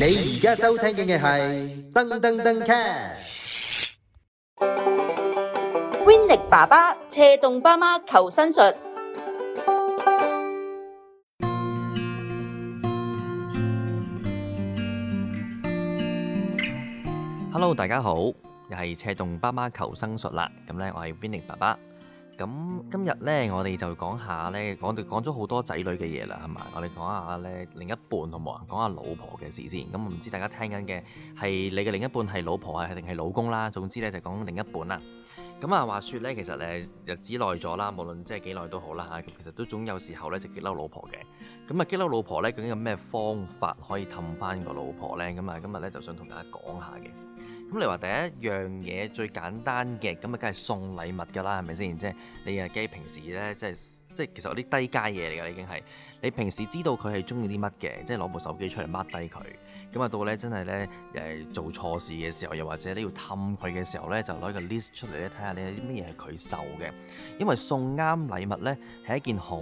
你而家收聽嘅係噔噔噔 cast Winny 爸爸車動爸媽求生術。Hello，大家好，又係車動爸媽求生術啦。咁咧，我係 Winny 爸爸。咁今日咧，我哋就講下咧，講到講咗好多仔女嘅嘢啦，係嘛？我哋講下咧另一半好冇啊？人講下老婆嘅事先。咁唔知大家聽緊嘅係你嘅另一半係老婆啊，定係老公啦？總之咧就講另一半啦。咁啊，話說咧，其實誒日子耐咗啦，無論即係幾耐都好啦吓，其實都總有時候咧就激嬲老婆嘅。咁啊，激嬲老婆咧究竟有咩方法可以氹翻個老婆咧？咁啊，今日咧就想同大家講下嘅。咁你話第一樣嘢最簡單嘅咁啊，梗係送禮物㗎啦，係咪先？即係你啊，機平時咧，即係即係其實有啲低階嘢嚟㗎，已經係你平時知道佢係中意啲乜嘅，即係攞部手機出嚟 mark 低佢。咁啊到咧，真係咧誒做錯事嘅時候，又或者你要氹佢嘅時候咧，就攞個 list 出嚟咧，睇下你有啲乜嘢係佢受嘅。因為送啱禮物咧係一件好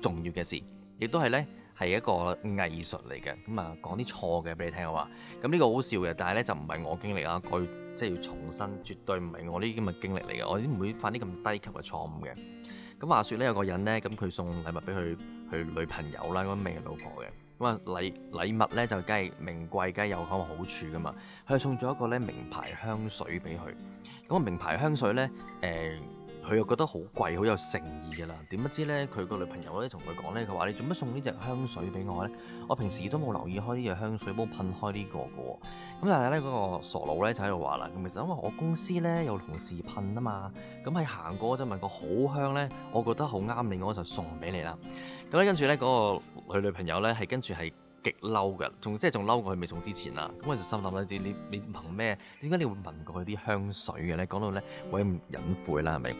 重要嘅事，亦都係咧。係一個藝術嚟嘅，咁啊講啲錯嘅俾你聽嘅話，咁呢個好笑嘅，但係咧就唔係我經歷啊。佢即係要重新，絕對唔係我啲咁嘅經歷嚟嘅，我唔會犯啲咁低級嘅錯誤嘅。咁話説咧有個人咧，咁佢送禮物俾佢佢女朋友啦，咁未係老婆嘅，咁啊禮禮物咧就梗係名貴，梗係有咁好處噶嘛，佢送咗一個咧名牌香水俾佢，咁個名牌香水咧誒。欸佢又覺得好貴，好有誠意噶啦。點不知咧，佢個女朋友咧同佢講咧，佢話：你做乜送呢隻香水俾我咧？我平時都冇留意開呢隻香水，冇噴開呢個㗎喎。咁但係咧，嗰個傻佬咧就喺度話啦：咁其實因為我公司咧有同事噴啊嘛。咁喺行過嗰陣問過好香咧，我覺得好啱你，我就送俾你啦。咁咧跟住咧嗰個佢女朋友咧係跟住係。極嬲㗎，仲即係仲嬲過佢未送之前啦。咁我就心諗咧，你你聞咩？點解你會聞過佢啲香水嘅咧？講到咧，我咁隱晦啦，係咪？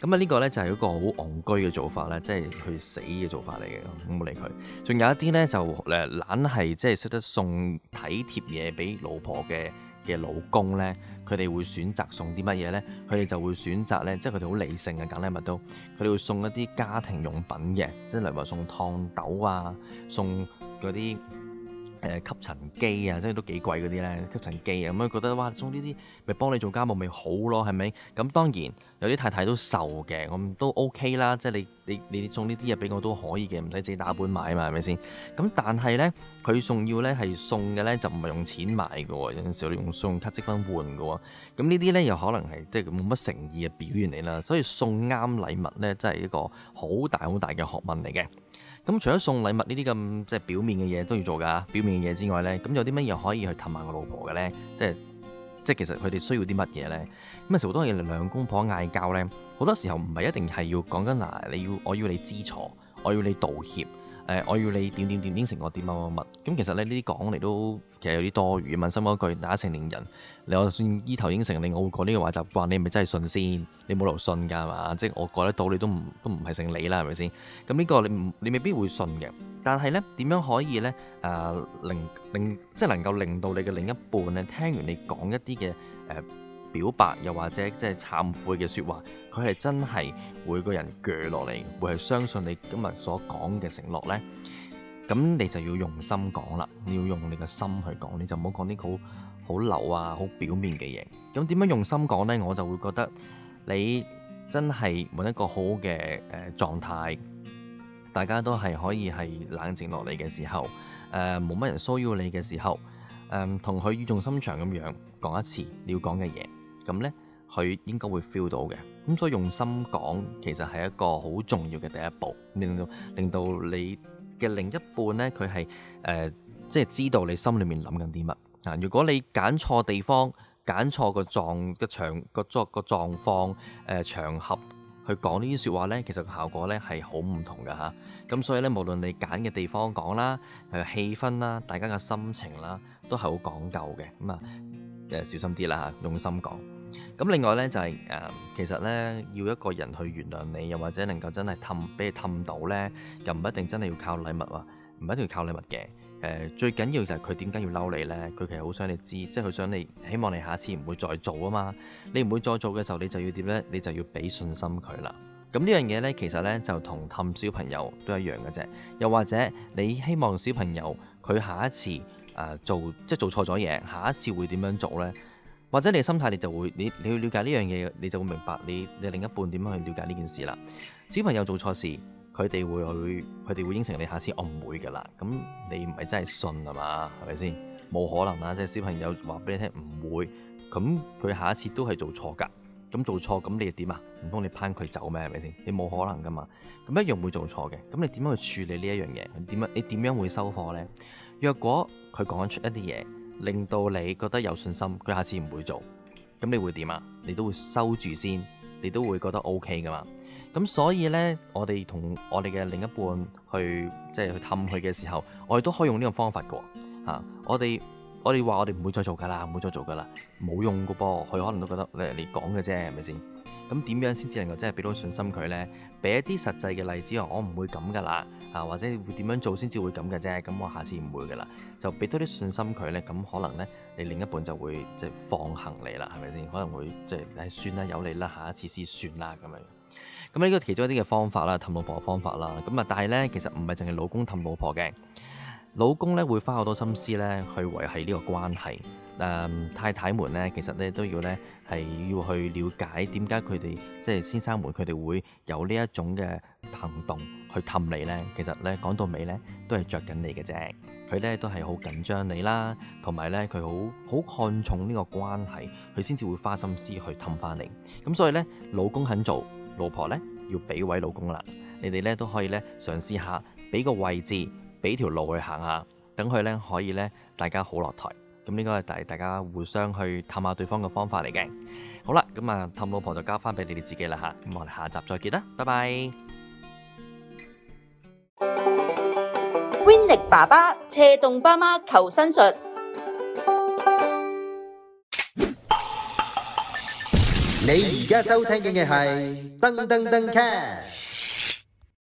咁啊，呢個咧就係、是、一個好戇居嘅做法咧，即係去死嘅做法嚟嘅。我冇理佢。仲有一啲咧就誒、呃、懶係即係識得送體貼嘢俾老婆嘅。嘅老公呢，佢哋會選擇送啲乜嘢呢？佢哋就會選擇呢，即係佢哋好理性嘅，梗禮物都，佢哋會送一啲家庭用品嘅，即係例如話送燙斗啊，送嗰啲。誒吸塵機啊，即係都幾貴嗰啲咧，吸塵機啊，咁覺得哇，送呢啲咪幫你做家務咪好咯，係咪？咁當然有啲太太都受嘅，咁都 OK 啦，即係你你你送呢啲嘢俾我都可以嘅，唔使自己打本買嘛，係咪先？咁但係咧，佢仲要咧係送嘅咧，就唔係用錢買㗎喎，有陣時候用信用卡積分換㗎喎。咁呢啲咧又可能係即係冇乜誠意嘅表現嚟啦，所以送啱禮物咧，真係一個好大好大嘅學問嚟嘅。咁除咗送禮物呢啲咁即係表面嘅嘢都要做㗎。表面嘅嘢之外呢，咁有啲乜嘢可以去氹下我老婆嘅呢？即係即係其實佢哋需要啲乜嘢呢？咁啊，成日好多嘢兩公婆嗌交呢。好多時候唔係一定係要講緊嗱，你要我要你知錯，我要你道歉。誒、呃，我要你點點點應承我點乜乜乜，咁其實咧呢啲講嚟都其實有啲多餘。問心嗰句，大家成年人，你我算依頭應承，你我講呢個話習慣，你係咪真係信先？你冇理由信㗎嘛，即係我過得到，你都唔都唔係姓李啦，係咪先？咁呢個你唔你未必會信嘅。但係咧，點樣可以咧？誒、呃，令令即係能夠令到你嘅另一半咧，聽完你講一啲嘅誒。呃表白又或者即係懺悔嘅說話，佢係真係每個人鋸落嚟，會係相信你今日所講嘅承諾咧？咁你就要用心講啦，你要用你嘅心去講，你就唔好講啲好好流啊、好表面嘅嘢。咁點樣用心講咧？我就會覺得你真係揾一個好嘅誒狀態，大家都係可以係冷靜落嚟嘅時候，誒冇乜人騷擾你嘅時候，誒同佢語重心長咁樣講一次你要講嘅嘢。咁呢，佢應該會 feel 到嘅。咁所以用心講，其實係一個好重要嘅第一步，令到令到你嘅另一半呢，佢係誒即係知道你心裏面諗緊啲乜啊。如果你揀錯地方、揀錯個狀嘅場個作個個狀況誒、呃、場合去講呢啲説話呢，其實個效果呢係好唔同㗎吓。咁、啊、所以呢，無論你揀嘅地方講啦、氣氛啦、大家嘅心情啦，都係好講究嘅。咁、嗯、啊，小心啲啦吓，用心講。咁另外呢，就係誒，其實呢，要一個人去原諒你，又或者能夠真係氹，俾你氹到呢，又唔一定真係要靠禮物啊，唔一定要靠禮物嘅。誒，最緊要就係佢點解要嬲你呢？佢其實好想你知，即係佢想你，希望你下次唔會再做啊嘛。你唔會再做嘅時候，你就要點呢？你就要俾信心佢啦。咁呢樣嘢呢，其實呢，就同氹小朋友都一樣嘅啫。又或者你希望小朋友佢下一次誒做，即係做錯咗嘢，下一次會點樣做呢？或者你嘅心態，你就會你你要了解呢樣嘢，你就會明白你你另一半點樣去了解呢件事啦。小朋友做錯事，佢哋會去，佢哋會會應承你下次我唔會噶啦。咁你唔係真係信噶嘛？係咪先？冇可能啊！即係小朋友話俾你聽唔會，咁佢下一次都係做錯噶。咁做錯咁你又點啊？唔通你拋佢走咩？係咪先？你冇可能噶嘛。咁一樣會做錯嘅。咁你點樣去處理呢一樣嘢？點樣？你點樣會收貨呢？若果佢講出一啲嘢。令到你覺得有信心，佢下次唔會做，咁你會點啊？你都會收住先，你都會覺得 OK 㗎嘛。咁所以呢，我哋同我哋嘅另一半去即係、就是、去氹佢嘅時候，我哋都可以用呢個方法㗎喎、啊，我哋。我哋話我哋唔會再做㗎啦，唔會再做㗎啦，冇用㗎噃，佢可能都覺得誒，你講嘅啫，係咪先？咁點樣先至能夠真係俾到信心佢呢？俾一啲實際嘅例子，我唔會咁㗎啦，啊，或者會點樣做先至會咁嘅啫？咁我下次唔會㗎啦，就俾多啲信心佢呢。咁可能呢，你另一半就會即係、就是、放行你啦，係咪先？可能會即係、就是、算啦，有你啦，下一次先算啦咁樣。咁呢個其中一啲嘅方法啦，氹老婆嘅方法啦，咁，啊但係呢，其實唔係淨係老公氹老婆嘅。老公咧會花好多心思咧去維係呢個關係，誒、呃、太太們咧其實咧都要咧係要去了解點解佢哋即係先生們佢哋會有呢一種嘅行動去氹你咧，其實咧講到尾咧都係着緊你嘅啫，佢咧都係好緊張你啦，同埋咧佢好好看重呢個關係，佢先至會花心思去氹返你。咁、嗯、所以咧，老公肯做，老婆咧要俾位老公啦，你哋咧都可以咧嘗試下俾個位置。俾條路去行下，等佢咧可以咧，大家好落台。咁呢個係大大家互相去探下對方嘅方法嚟嘅。好啦，咁啊，氹老婆就交翻俾你哋自己啦吓。咁我哋下集再見啦，拜拜。Winny 爸爸斜洞爸媽求新術。你而家收聽嘅係噔噔噔 cast。